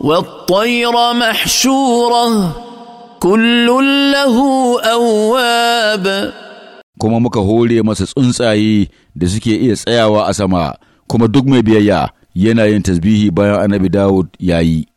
والطير محشوره كل له أواب kuma muka hore masa tsuntsaye da suke iya tsayawa a sama kuma duk mai biyayya yana yin tasbihi bayan annabi Dawud yayi